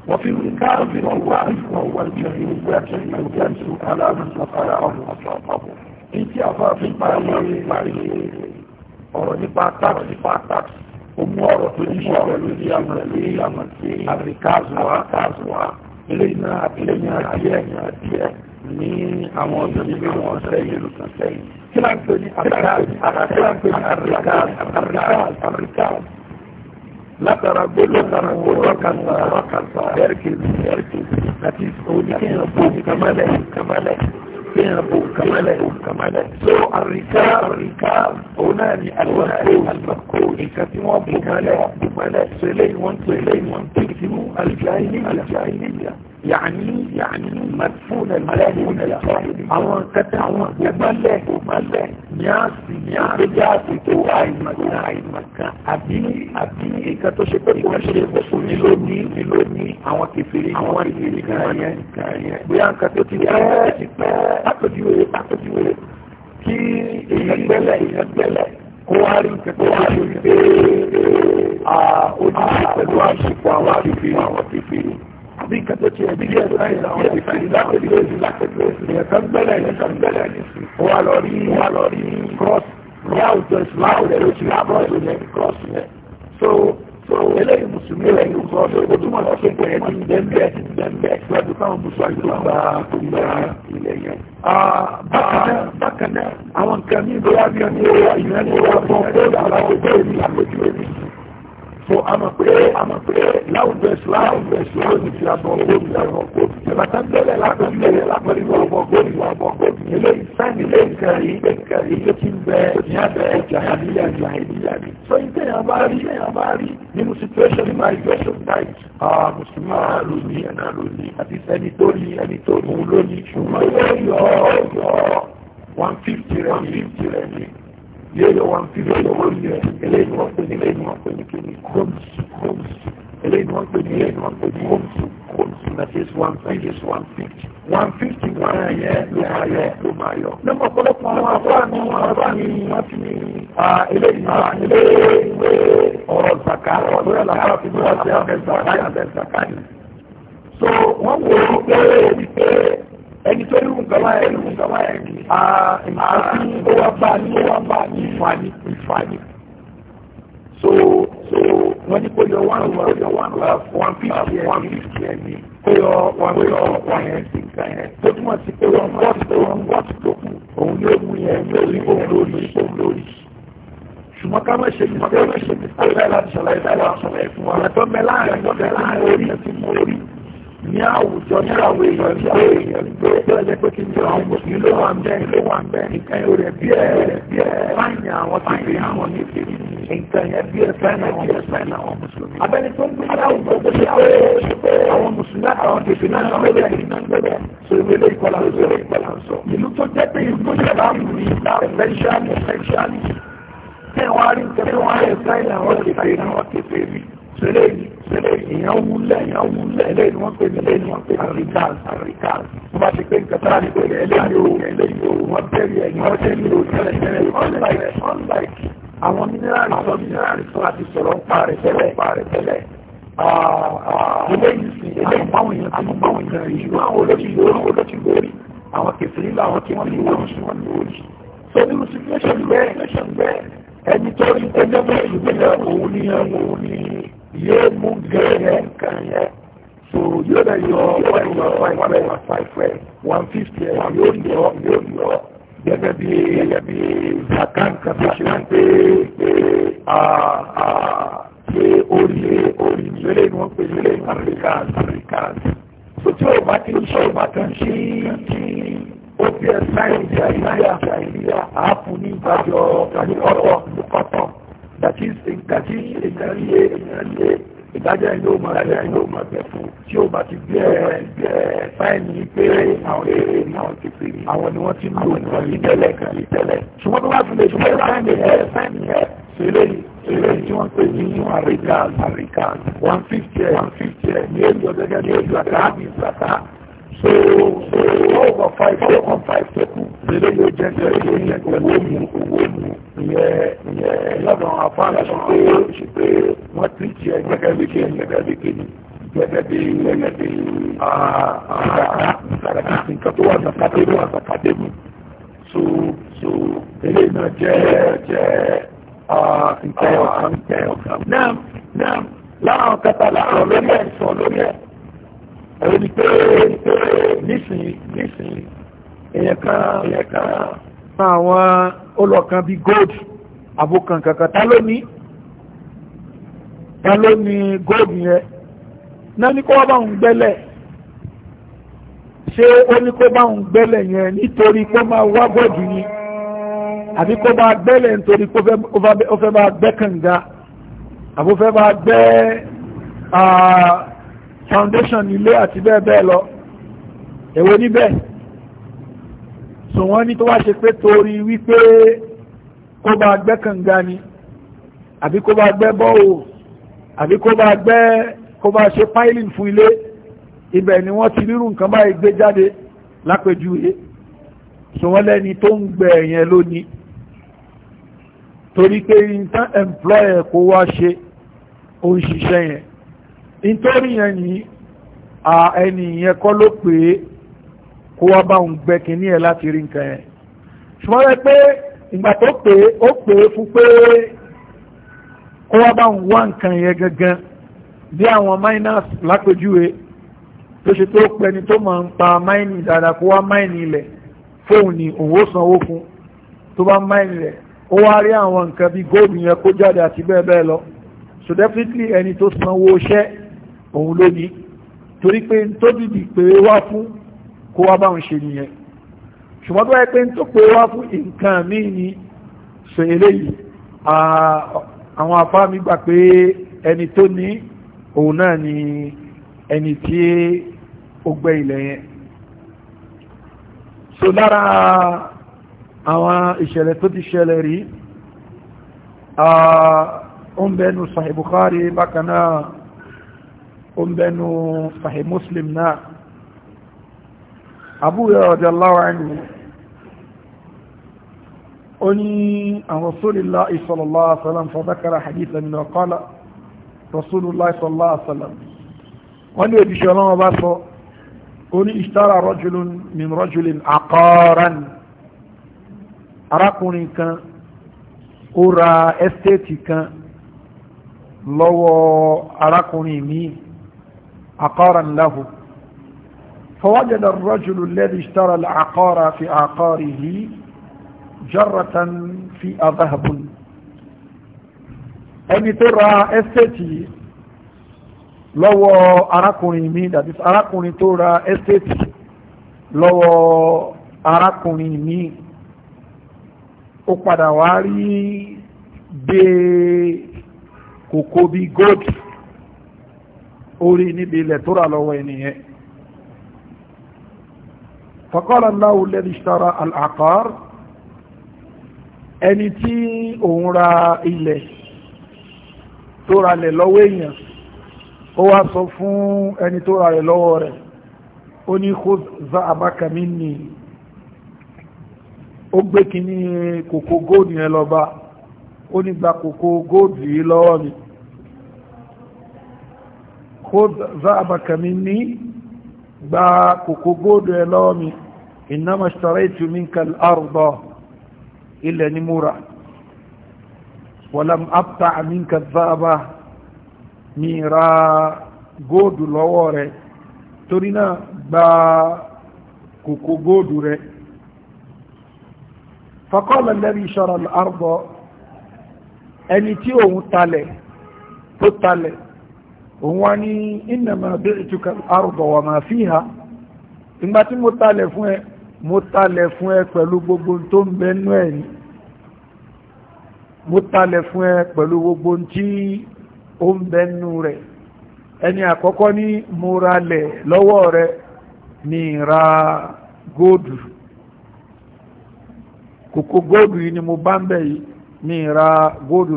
wọ́n fi ń ká òfin ọwọ́ àìsàn ọwọ́ ìjọ ìgbé àti ìgbé àti aláàbùsọ̀kọ̀rọ̀ ọ̀hún ọ̀sọ̀ ọ̀pọ̀ ní tí àfáàfin parí parí ọ̀rọ̀ nípa táàsì nípa táàsì ó mú ọ̀rọ̀ tó ní sọ̀rọ̀ lórí àmọ̀ sí àmọ̀ sí àríkàzùwà kàzùwà ilé iná àtìlẹ́yìn àtìlẹ́yìn àtìlẹ́ ní àwọn ọjọ́ níbi àwọn ọ̀sẹ̀ yìí ló kàn sẹ́yìn. kí láń pè ní àtàrà látara gbólótara gbólókàtà rọ́kàtà ẹ̀rkìlì ẹ̀rkìlì àti òní kí n bó kamalẹ̀ kamalẹ̀. فيها كمالا كمالا سوء الركاب الركاب هنالي الوحيد المفقود الكتم بكالا بكالا سليم وانت سليم وانت الجاهلية الجاهلية yàní yàní mẹ́fún ẹ̀ mẹ́lẹ́ni àwọn kẹta àwọn ìgbẹ́mọ́lẹ̀ ìgbẹ́mọ́lẹ̀ ní a sì ní a rí bí a sì tó àìmọ̀kan àìmọ̀kan àbí àbí nǹkan tó ṣe pé kí wọ́n ṣe fún mi lónìí mi lónìí àwọn kẹfìrí àwọn ìrírí kan yẹn kan yẹn bóyá nǹkan tó ti pẹ́ ti pẹ́ àpèjúwe àpèjúwe kí èèyàn gbẹ́lẹ̀ kó wá rí nǹkan wá rí pé ojú pẹ̀lú àṣepọ̀ àwọn kẹfìrí bí nǹkan tó ti ẹ̀bí díẹ̀ lọ́yìn àwọn ìfẹ́ ìdákẹ́lẹ́sì lákẹ́lẹ́sì ẹ̀kan gbẹ́lẹ̀ ẹ̀kan gbẹ́lẹ̀ wà lọ rí wà lọ rí cross ní àwùjọ ìsìláwù rẹ̀ ló ti rí abọ́ ìlú ní cross yẹn so so eléyìí mùsùlùmí rẹ̀ yóò sọ pé ó túmọ̀ lọ sí pé ẹ̀ ti dẹ́mbẹ́ ti dẹ́mbẹ́ lọ́dún táwọn mùsùlùmí ló gba ìgbà ilẹ̀ yẹn. bákan náà àwọn nǹkan mí so àmọ̀ pé àmọ̀ pé láwùjọ ìṣúra àwùjọ ìṣúra òní ti àbọ̀ owó mi àwọn ọkọ̀ òbí tẹ̀lá tá gbẹ́lẹ̀ lápẹ̀lẹ̀ lápẹ̀lẹ̀ ìwà ọmọ ọgbọ́n ìwà ọmọ ọgbọ́n ilé ìsáìmì ilé ìkẹrì ilé ìkẹrì ilé tí ń bẹ ní abẹ ẹja àbílẹ̀ àjà ìbílẹ̀ àbí. so ìtẹ̀ yà bá rí ìtẹ̀ yà bá rí nínú situation ní my question night mùsùlùmá lónìí ẹ̀nà lónìí àti ẹni tó ní ẹni tó ní òun lónìí ṣùgbọ́n yọ yọ one fifty rẹ̀ one fifty rẹ̀ ní yóò yọ wọn fi yóò yọ wọn yọ eléyìí ni wọ́n pè ní eléyìí ni wọ́n pè ní kìíní kóòmùsù kóòmùsù eléyìí ni wọ́n pè ní eléyìí ni wọ́n pè ní kóòmùsù kóòmùsù that is one that is one fifty one fifty wọn á yẹ ló máa yẹ ló máa yọ. lọ́mọ ọ̀pọ̀lọpọ̀ àwọn afáàní afáàní wọ́n ti ní eléyìí náà ilé ìwé ọ̀rọ̀ zaka ọ̀rọ̀ làwọn fi bí wọ́n ti abẹ́ zaka abẹ́ zaka yìí. so wọ́n wò ó pé ẹni tó ní nǹkan báyẹn ní nǹkan báyẹn àti ó wá bá ní ó wá bá ní ìfani ìfani so so wọ́n ní kó yọ one one yọ one one fifty one fifty ẹni kó yọ one yọ one yẹn sí nǹkan yẹn tó túmọ̀ sí pé wọ́n wọ́n ti tó wọ́n wọ́n ti tó kù òun yóò mú yẹn lórí òun lórí òun lórí ṣùgbọ́n ká mọ̀ ṣe ní ọjọ́ ìṣèlú àgbẹ̀ láti ṣàlàyé dáadáa ṣàlàyé fún wa ẹ̀tọ́ mẹ́láàrin ọjọ́ mẹ́láàrin orí ẹ̀sìn mọ́ orí ní àwùjọ níláwọ̀ èèyàn bí àwọn èèyàn gbé lọ́jẹ́ pé kí ní àwọn mùsùlùmí ló wà ń bẹ́ ló wà ń bẹ́ nǹkan yóò rẹ̀ bí ẹ̀ bí ẹ̀ fáìní àwọn ti fi àwọn ní fi nǹkan yẹn bí ẹ̀ fáìní àwọn yẹn fáìní àwọn mùsùlùmí. abẹ́ni tó ń gbé láwùjọ tó ṣe àwọn ṣùgbọ́n àwọn mùsùlùmí àtàwọn ti fi náà lọ bẹ́ẹ̀ ní náà bẹ́ẹ̀ so ìwé lè kọ́lá ló sọ̀rọ̀ ìpàlà sọ. ìlú tó jẹ́ pé ìlú ìjọba ń rí ẹ̀fẹ́ṣáàlì ẹ̀fẹ́ṣáàlì tẹ̀wárí tẹ̀wárí ẹ̀fẹ́ sílẹ̀ èèyàn wúlẹ̀ èèyàn wúlẹ̀ eléyìí wọ́n pè mí eléyìí wọ́n pè mí àríkàs àríkàs wọ́n bá ti pé nǹkan tá a ní pèrè eléyìí o eléyìí o wọ́n bẹ̀rẹ̀ ẹ̀yìn wọ́n tẹ̀lé o tẹ́lẹ̀ tẹ́lẹ̀ unlike unlike àwọn mineral àwọn mineral fún àti sọ̀rọ̀ ń parẹ́ tẹ́lẹ̀ parẹ́ tẹ́lẹ̀ ah, ah, eléyìí sì eléyìí báwọn èèyàn ti mú báwọn èèyàn rí ìlú àwọn olóṣìlú àwọn olóṣìlú rí àwọn kẹfìrí làwọn tí wọ́n ní wọ́n sí wọ́n ní òjì so nínú situation bẹ́ẹ̀ ẹni tó rí ẹjọ́ bẹ́ẹ̀ ìgbéyàwó òun ní ẹ̀wọ̀n òun ní yóò mú gẹ́rẹ́ nǹkan yẹn so yóò lè yọ one yọ one yọ five ẹ one fifty ẹ yóò yọ yóò yọ gẹ́gẹ́ bí gẹ́gẹ́ bí zakan kàfíṣẹ́ pé pé pé orí orí ìrẹ́lẹ̀ ni wọ́n pè ní americans americans so tí o bá ti ń sọ ìgbà kan ṣe ó fi ẹ sáyẹ̀nsì àìríyá àìríyá àápù ní ìgbàjọ ọ̀rọ̀ ọ̀pọ̀tọ̀ that is that is ìdáríyé ìdáríyé ìdájọ́ ìlú mọ̀lẹ́lẹ́ ìlú mọ̀lẹ́ fún tí ó bá ti gbé ẹ̀ fáìní pé àwọn èrè náà ti fi àwọn ni wọ́n ti lò nǹkan yìí tẹ́lẹ̀ kan yìí tẹ́lẹ̀ ṣùgbọ́n tó bá fi lè ṣe fáìní ẹ̀ fáìní ẹ̀ ṣeré ṣeré tí wọ́n pè ní àríkàl àríkàl one fifty ẹ̀ one fifty ẹ̀ ní èlò gẹ́gẹ́ ní èlò àká ní ìgbàká so so four point five four point five ṣẹ́kù ṣeré yóò jẹ́ ṣeré yóò jẹ́ pẹ̀lú omi owó ìyẹn lọ́dọ̀ àfáàlà sí pé sí pé wọ́n ti jẹ gẹ́gẹ́ bí kí gẹ́gẹ́ bí kí gẹ́gẹ́ bí gẹ́gẹ́ bí ààrà nǹkan tó wà sàkàtẹ́ ló wà sàkàtẹ́ mi so so eléyìí náà jẹ́ jẹ́ nǹkan ọ̀kan nǹkan ọ̀kan náà náà láwọn kẹta làwọn lórí ẹ̀ sọ lórí ẹ̀ ẹni pé nísìnyí nísìnyí èèyàn kan èèyàn kan àwọn olọ́kan bí gold àbúkan kankan tá ló ní tá ló ní gold yẹn náà ní kó wá bá ń gbẹ́lẹ̀ ṣé ó ní kó bá ń gbẹ́lẹ̀ yẹn nítorí kó máa wá gọ́ọ̀dù ni àbí kó bá gbẹ́lẹ̀ nítorí kó fẹ́ bá gbẹ́ kànga àbó fẹ́ bá gbẹ́ ah, foundation ilé àti bẹ́ẹ̀ bẹ́ẹ̀ lọ èwo níbẹ̀ so wọ́n ní tó wá ṣe pé torí wípé kó bá gbẹ́ kànga ni àbí kó bá gbẹ́ bọ́ọ̀ àbí kó bá gbẹ́ kó bá ṣe piling fún ilé ibẹ̀ ni wọ́n ti rírù nǹkan báyìí gbé jáde lápèjúwe so wọ́n lẹ́ni tó ń gbẹ̀ yẹn lónìí torí pé ìtàn employer kó wá ṣe ó ṣiṣẹ́ yẹn nítorí yẹn ni ẹni yẹn kọ́ ló pè é kó wá bá òun gbẹ kínní ẹ̀ láti rí nǹkan yẹn ṣùgbọ́n rẹ pé ìgbà tó pè é ó pè é fún pé kó wá bá òun wá nǹkan yẹn gangan bí àwọn miners lápèjúwe tó ṣe tó pẹni tó máa ń pa máìnì dáadáa kó wá máìnì ilẹ̀ fóun ni òun ó sanwó fún tó bá máìnì rẹ̀ ó wá rí àwọn nǹkan bí góòlù yẹn kó jáde àti bẹ́ẹ̀ bẹ́ẹ̀ lọ so definitely ẹni tó sanwó iṣẹ́ òun ló ní torí pé tó dìdì pé wá fún kó wá báwọn ṣe nìyẹn ṣùgbọ́n tó wáyé pé tó pé wá fún nǹkan míì ni sọ eléyìí àwọn afá mi gbà pé ẹni tó ní òun náà ni ẹni tí ó gbẹ́ ilẹ̀ yẹn so lára àwọn ìṣẹ̀lẹ̀ tó ti ṣẹlẹ̀ rí ń bẹnu Sahih Bukhari bákan náà ń bẹnu Muslim náà àbúrò radiyallahu anhu ó ní àwọn rasulillah sallallahu alaihi wasallam fadhakara hadithan min qala rasulillah sallallahu alaihi wasallam wọ́n ní òjíṣẹ́ ọlọ́wọ́ bá sọ ó ní ishtara rajulun min rajulin aqaran arákùnrin kan ó ra ẹ́stéètì kan lọ́wọ́ arákùnrin mi aqaran lahu فوجد الرجل الذي اشترى العقار في عقاره جرة في ذهب ẹni tó ra ẹ́stéètì lọ́wọ́ arákùnrin mi dàbí arákùnrin tó ra ẹ́stéètì lọ́wọ́ arákùnrin mi ó padà wá rí dé kòkó bí gold orí níbi ilẹ̀ tó rà lọ́wọ́ ẹnìyẹn فقال الله الذي اشترى العقار ẹni tí òun ra ilẹ̀ tó ra lẹ̀ lọ́wọ́ èèyàn ó wá sọ fún ẹni tó ra lẹ̀ lọ́wọ́ rẹ̀ ó ní khudh za'abaka minni ó gbé kíní kòkó góòdù yẹn lọ bá ó ní gba kòkó góòdù yìí lọ́wọ́ mi khudh za'abaka minni gba kòkó góòdù ẹ lọ́wọ́ mi innama ishtaraytu minka al-arda ilẹ̀ ní múra walam abta' minka adh-dhahaba ní ra góòdù lọ́wọ́ rẹ̀ torí náà gba kòkó góòdù rẹ̀ faqala alladhi shara al ẹni tí òun talẹ̀ tó talẹ̀ òun wá ní innama bi'tuka al-arda wa ma ha ìgbà tí mo talẹ̀ fún ẹ mo ẹ pẹ̀lú gbogbo tó ń bẹnú ẹ̀ ní mo fún ẹ pẹ̀lú gbogbo tí ó ń bẹnú rẹ̀ ẹni àkọ́kọ́ ní mo ralẹ̀ lọ́wọ́ rẹ̀ ra góòdù kòkó góòdù yìí ni mo bá ń bẹ̀ yìí ra góòdù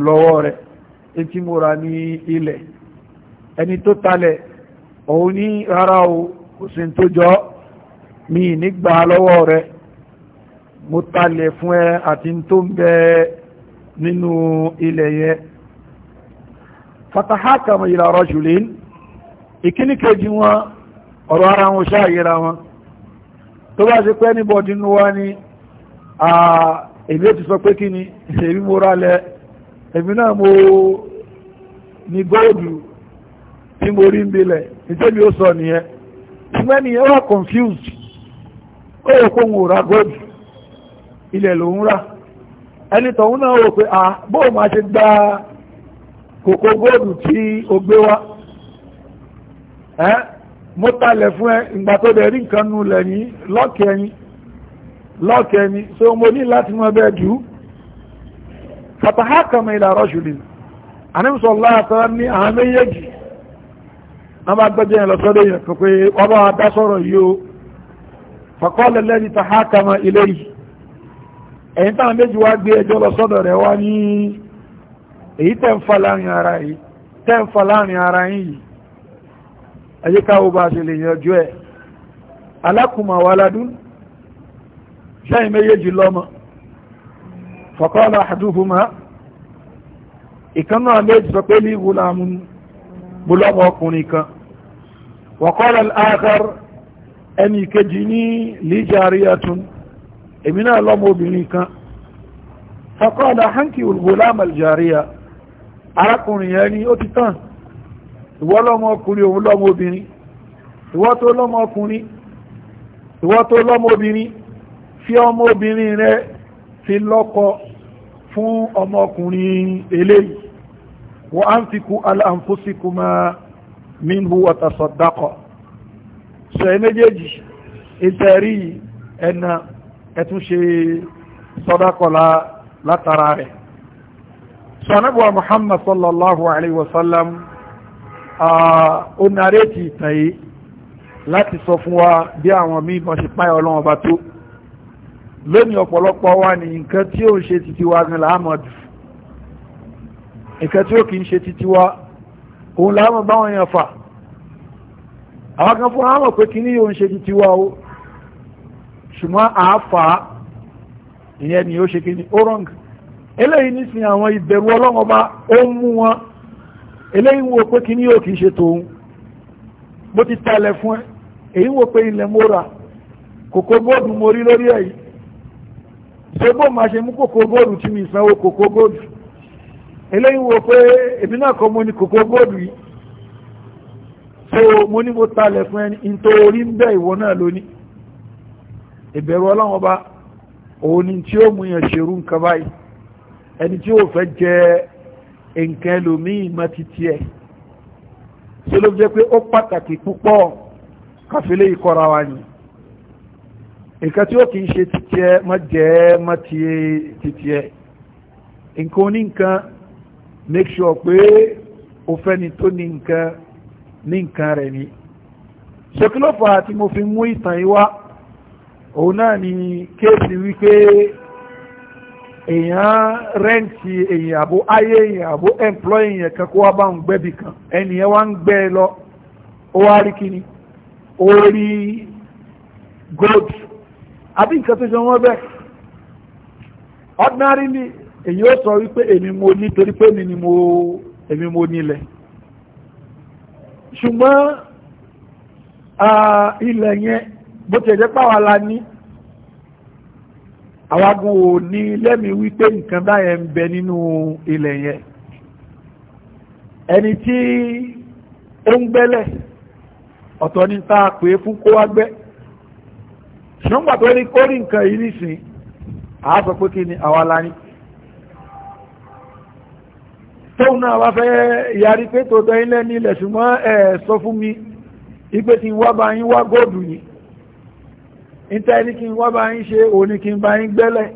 ẹni tó talẹ̀ òun ní rárá o kò sí tó jọ mi nígbà lọ́wọ́ rẹ mo talẹ̀ fún ẹ àti tó ń bẹ nínú ilẹ̀ yẹ fatahakamu ila rajulin ìkíní kejì wọn ọ̀rọ̀ ara wọn ṣáàyíra wọn tó bá ṣe pé anybody nínú wa ni èmi ó ti sọ pé kí ni èmi mo rálẹ̀ èmi náà mo ní góòdù tí mo rí ń bilẹ̀ ó sọ nìyẹn ṣùgbọ́n nìyẹn wà confused ó yẹ kó ń wòrà gọ́ọ̀dù ilẹ̀ ló ń rà ẹni tọ̀hún náà wò pé ah bóò máa ṣe gba kòkó góòdù tí o gbé wá mo talẹ̀ fún ẹ ìgbà tó dẹ̀ rí nǹkan nu lẹ́yìn lọ́ọ̀kì ẹyin lọ́ọ̀kì ẹyin so mo ní láti mọ bẹ́ẹ̀ jù fàtàhákàmì ìlà rọ́ṣùlì ànímsọ̀lá àtàrà ní àwọn méjèèjì wọ́n bá gbẹ́jẹ́ yẹn lọ sọ́dọ̀ yẹn pé wọ́n o kama ilé yìí ẹ̀yìn táwọn méjì wá gbé ẹjọ́ lọ rẹ̀ wá ní èyí láàrin ara yìí tẹ́ ya. bá ṣe lè yanjú ẹ̀ alákùnmọ̀ wà ládùn sẹ́yìn méjèèjì lọ́mọ mo lọ́mọ ọkùnrin kan waqala al-akhar ẹni kejì ní li jariyatun èmi náà lọ́mọ obìnrin kan faqala hanki al-ghulam al-jariya arákùnrin yẹn ni ó ti tán ìwọ lọ́mọ ọkùnrin òun lọ́mọ obìnrin ìwọ fún ọmọkùnrin eléyìí wa anfiqu ala anfusikuma minhu wa tasaddaqa sọ ẹ méjèèjì ìtẹ̀rí ẹ̀nà ẹ̀túnṣe sọ́dákọ̀lá látara rẹ̀ sọ anábọ̀wà Muhammad sallallahu alaihi wasallam ó nàrètì ìtàn yìí láti sọ fún wa bí àwọn mímọ̀ ṣe páyọ̀ ọlọ́wọ́n bá tó lónìí ọ̀pọ̀lọpọ̀ wa ní nǹkan tí ó ń ṣe títí wa gan láàmọ̀dù nǹkan tí ó kìí ṣe títí wá òun láàmọ̀ báwọn èèyàn fà àwọn kan fún àmọ̀ pé kí ní yóò ń ṣe títí wá o ṣùgbọ́n àáfà ìyẹn ni ó ṣe kí ní orang eléyìí nísìn àwọn ìbẹ̀rù ọlọ́wọ́n bá ó ń mú wọn eléyìí wo pé kí ní yóò kìí ṣe tòun bó ti talẹ̀ fún ẹ èyí wo pé ilẹ̀ mo kòkó bóòdù mo rí lórí ẹ̀ ṣé bó máa ṣe mú kòkó bóòdù tí mi sanwó kòkó bóòdù eléyìí wo pé èmi náà kọ́ mo ní kòkó góòlù yìí so mo ní mo talẹ̀ fún ẹni nítorí ń bẹ́ ìwọ náà lónìí ìbẹ̀rù ọlọ́run ọba òun ni tí ó mú yàn ṣerú nǹkan báyìí ẹni tí ó fẹ́ jẹ nǹkan ẹlòmíì má ti tiẹ̀ ṣe ló jẹ́ pé ó pàtàkì púpọ̀ káfílẹ̀ ìkọ́ra wa ni nǹkan tí ó kì í ṣe titiẹ má jẹ́ má ti titiẹ nǹkan oníǹkan make sure pé o fẹ́ni tó ní nǹkan ní nǹkan rẹ̀ ni ṣokílọ́fà àti mo fi mú ìtàn yìí òun náà ni kéèsì wípé èèyàn rẹ́ǹtì èèyàn àbó ayé èèyàn àbó ẹ̀mplọ́yì èèyàn kan kó wá bá ń gbẹ́bì kan ẹnìyẹn wá ń gbẹ́ ẹ lọ ó wá rí kíni ó rí gold àbí nǹkan tó jọ wọ́n bẹ́ẹ̀ ordinarily èyí ó sọ wípé èmi mo ní torí pé èmi ni mo èmi mo nílẹ̀ ṣùgbọ́n ilẹ̀ yẹn bó ti ẹ̀jẹ̀ pàwọ́ la ní àwagun ò ní lẹ́mìí wípé nǹkan báyẹn ń bẹ nínú ilẹ̀ yẹn ẹni tí ó ń gbẹ́lẹ̀ ọ̀tọ̀ ní ta pè fún kó wá gbẹ́ ṣùgbọ́n pàtó ní kórì nǹkan yìí nìsín àá pé kí ni àwa la ní tóun náà wá fẹ́ yarí pé tòótọ́ ilẹ̀ nílẹ̀ ṣùgbọ́n ẹ̀ sọ fún mi ipe tí wá bá yín wá góòdù yìí níta ẹni kí n wá bá yín ṣe òní kí n bá yín gbẹ́lẹ̀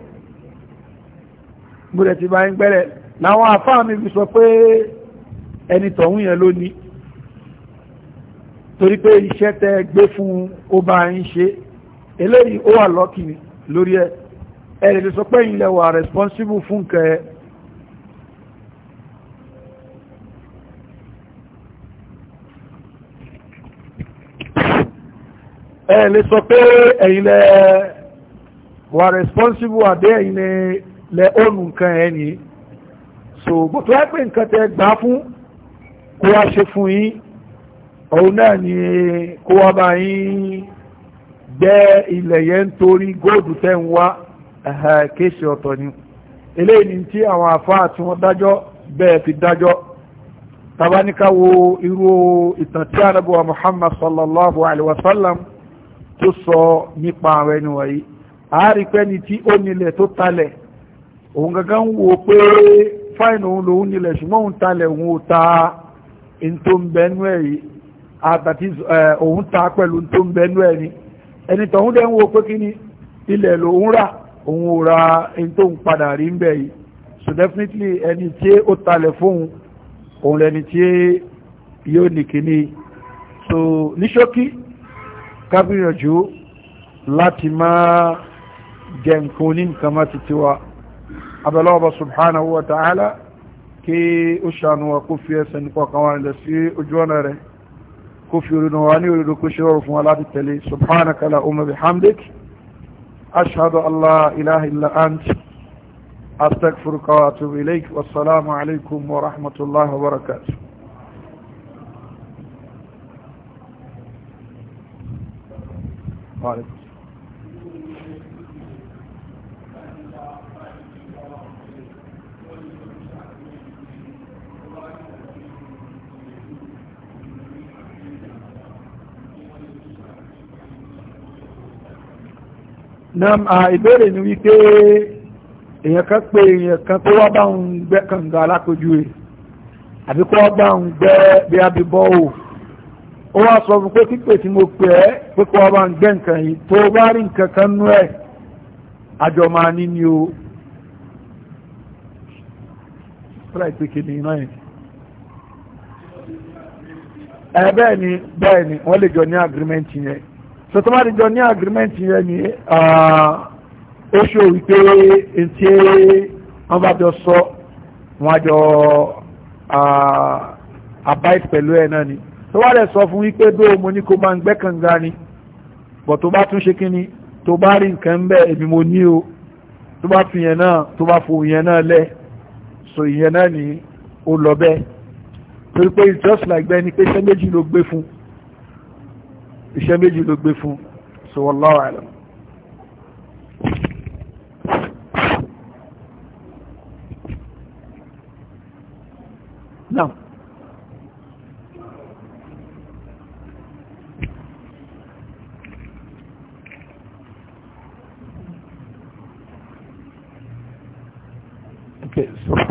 gbọ́dẹ̀ ti bá yín gbẹ́lẹ̀ làwọn àfáà mi fi sọ pé ẹni tọ̀hún yẹn ló ní torí pé iṣẹ́ tẹ gbé fún ó bá ń ṣe eléyìí ó wà lọ́kì lórí ẹ̀ ẹ̀rẹ̀ lè sọ pé ìyìn wà responsible fún nǹkan ẹ lè sọ pé ẹ̀yin lẹ wà responsible àbí ẹ̀yin lẹ ọ̀nù nǹkan ẹ̀ ní so gbọ́tọ̀ ẹ pé nǹkan tẹ gbà fún kó wá ṣe fún yín òun náà ni kó wá bá yín gbẹ́ ilẹ̀ yẹn ń torí góòdù tẹ́ ń wá kéṣe ọ̀tọ̀ ni eléyìí tí àwọn àfáà tí wọ́n dájọ́ bẹ́ẹ̀ fi dájọ́ tabaníkà irú ìtàn tí ànábì wa Muhammad sallallahu alaihi wa sallam tó sọ nípa àwọn ẹni wọ̀nyí àáripẹ́ ni tí ó nílẹ̀ tó talẹ̀ òun gangan wo pé fáìn òun lòun nílẹ̀ ṣùgbọ́n òun talẹ̀ òun ò ta tó ń bẹnu ẹ̀ yìí àtàtí òun ta pẹ̀lú tó ẹ̀ ni ẹni tọ̀hún dẹ̀ ń wo pé kí ilẹ̀ lòun rà òun ò ra tó padà rí ń bẹ̀ yìí so definitely ẹni tí ó talẹ̀ fóun òun lẹni tí yóò nìkíní so ní ṣókí kábíyànjú láti máa jẹ nǹkan ní nǹkan má ti tiwa abẹ́lọ́ọ̀bọ̀ subhanahu wa ta'ala kí ó ṣàánú wa kó fi ẹsẹ̀ nípa kan wà nílẹ̀ sí ojú ọ̀nà rẹ̀ kó fi orin wa ní orin kó ṣe rọrùn fún wa láti tẹ̀lé subhanaka la umma bihamdik ashhadu an ilaha illa anta أستغفرك وأتوب إليك والسلام عليكم ورحمة الله وبركاته nam a ìbéèrè ni wípé èyàn kan pé èyàn kan tó wá bá ń gbẹ́ kànga alákòjú rẹ̀ àbíkọ́ bá ń gbẹ́ bí abibọ́ òfin ó wá sọ fún pé pípè tí mo pè ẹ́ pé kó wá bá ń gbẹ́ nǹkan yìí tó bá rí nǹkan kan nú ẹ̀ àjọ máa ní ni o fúláì ni bẹ́ẹ̀ ni wọ́n lè jọ ní agreement yẹn so tó bá rí jọ ní agreement yẹn ni ó ṣe wípé etí wọ́n bá jọ sọ wọ́n á jọ abide pẹ̀lú ẹ̀ náà ni tó wá rẹ̀ sọ fún wípé dó mo ní kó máa ń gbẹ́ kànga ni bọ̀ tó bá tún ṣe kí ni tó bá rí nǹkan bẹ́ẹ̀ èmi mo ní o tó bá fi yẹn náà tó bá fo yẹn náà lẹ̀ so ìyẹn náà ni ó lọ bẹ́ẹ̀ torí pé it's just like bẹ́ẹ̀ ni pé iṣẹ́ méjì ló gbé fún iṣẹ́ méjì ló gbé fún so wallahu alam. Now.